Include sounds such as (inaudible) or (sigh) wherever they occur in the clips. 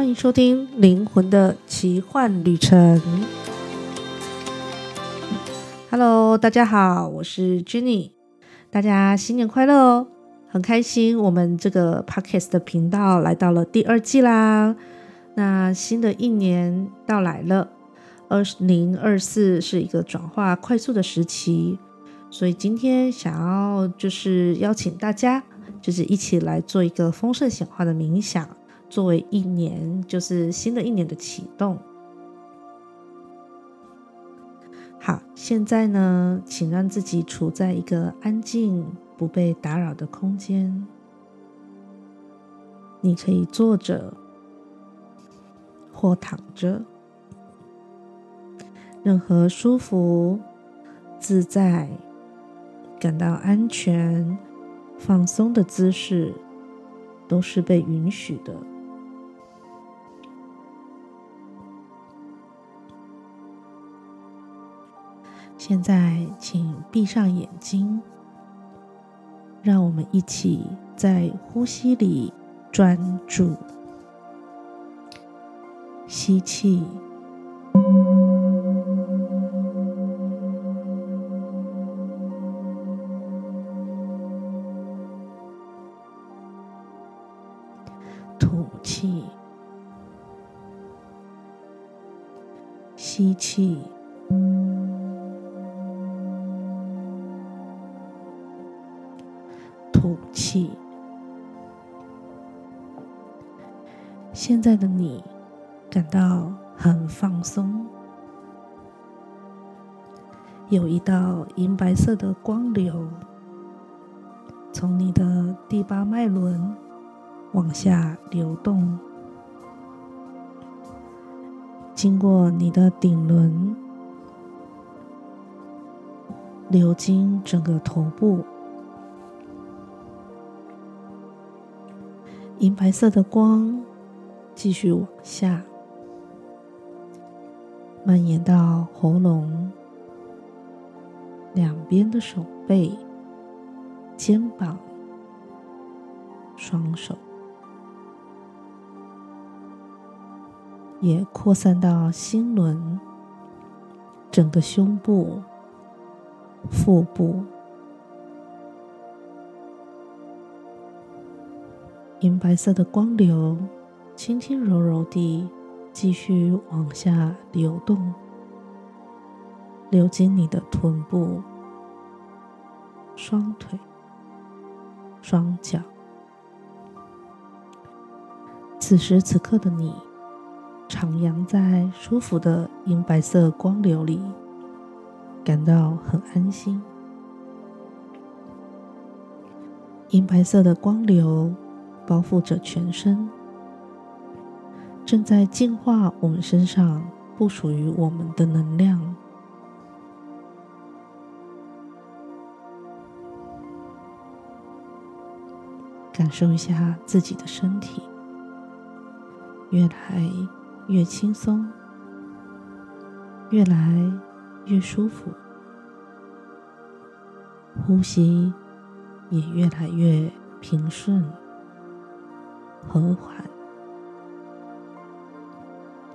歡迎收聽《靈魂的奇幻旅程》。Hello，大家好，我是 Jannie，大家新年快樂哦！很開心，我們這個 Podcast 的頻道來到了第二季啦。那新的一年到來了，二零二四是一個轉化快速的時期，所以今天想要就是邀請大家，就是一起來做一個豐盛顯化的冥想。作為一年，就是新的一年的啟動。好，現在呢，請讓自己處在一個安靜、不被打擾的空間。你可以坐着或躺着，任何舒服、自在、感到安全、放鬆的姿勢都是被允許的。現在，請閉上眼睛，讓我們一起在呼吸裡專注。吸氣， (noise) 吐氣，吸氣。吐氣。現在的你感到很放鬆，有一道銀白色的光流從你的第八脈輪往下流動，經過你的頂輪，流經整個頭部。銀白色的光繼續往下，蔓延到喉嚨，兩邊的手背、肩膀、雙手，也擴散到心輪、整個胸部、腹部。銀白色的光流，輕輕柔柔地繼續往下流動，流進你的臀部、雙腿、雙腳。此時此刻的你，徜徉在舒服的銀白色光流裡，感到很安心。銀白色的光流。包覆着全身，正在淨化我們身上不屬於我們的能量。感受一下自己的身體，越來越輕鬆，越來越舒服，呼吸也越來越平順。和緩，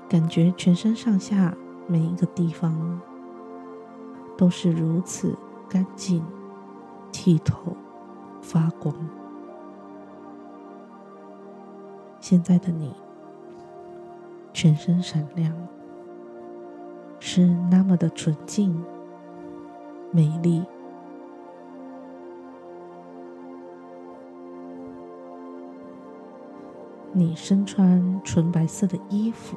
感覺全身上下每一個地方都是如此乾淨、剔透、發光。現在的你，全身閃亮，是那麼的純淨、美麗。你身穿純白色的衣服，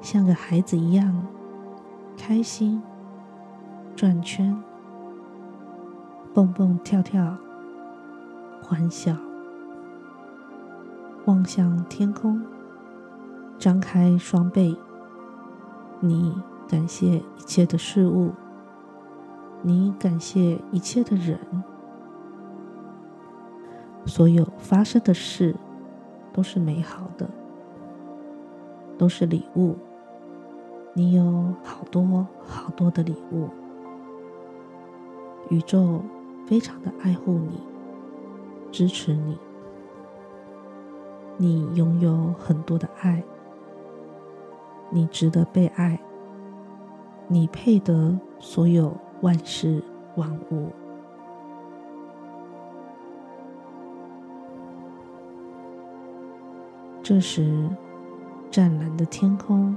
像個孩子一樣開心，轉圈、蹦蹦跳跳、歡笑，望向天空，張開雙臂。你感謝一切的事物，你感謝一切的人。所有發生的事都是美好的，都是禮物。你有好多好多的禮物，宇宙非常的愛護你，支持你。你擁有很多的愛，你值得被愛，你配得所有萬事萬物。這時，湛藍的天空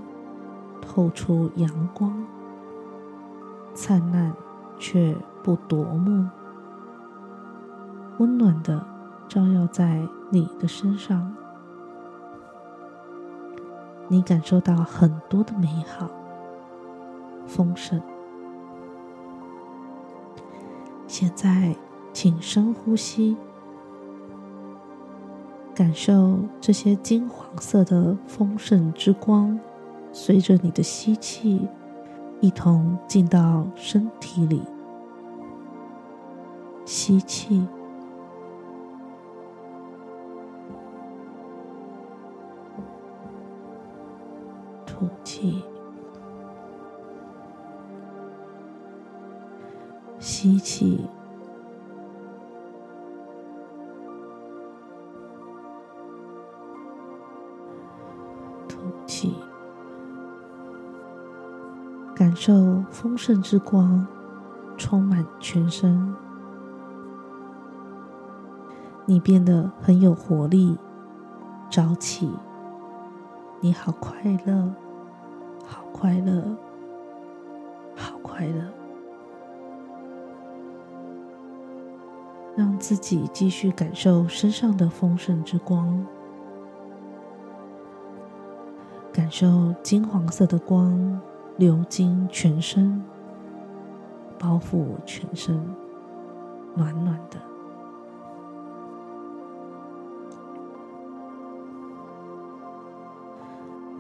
透出陽光，燦爛卻不奪目，溫暖的照耀在你的身上。你感受到很多的美好、豐盛。現在，請深呼吸。感受這些金黃色的豐盛之光，隨着你的吸氣，一同進到身體裡。吸氣，吐氣，吸氣。感受豐盛之光充滿全身，你變得很有活力、朝氣。你好快樂，好快樂，好快樂！讓自己繼續感受身上的豐盛之光，感受金黃色的光。流經全身，包覆全身，暖暖的。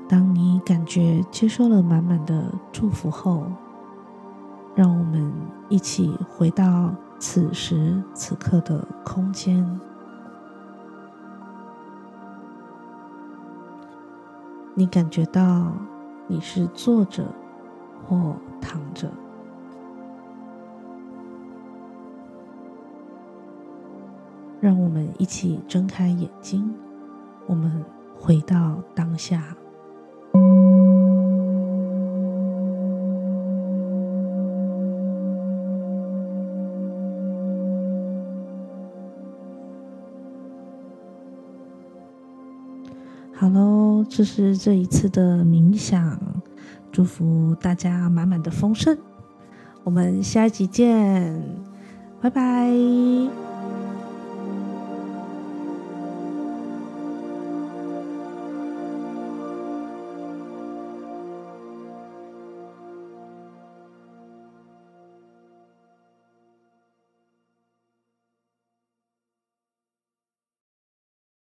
當你感覺接受了滿滿的祝福後，讓我們一起回到此時此刻的空間。你感覺到你是坐着。或躺着，讓我們一起睜開眼睛，我們回到當下。好嘍，這是這一次的冥想。祝福大家滿滿的豐盛，我們下一集見，拜拜。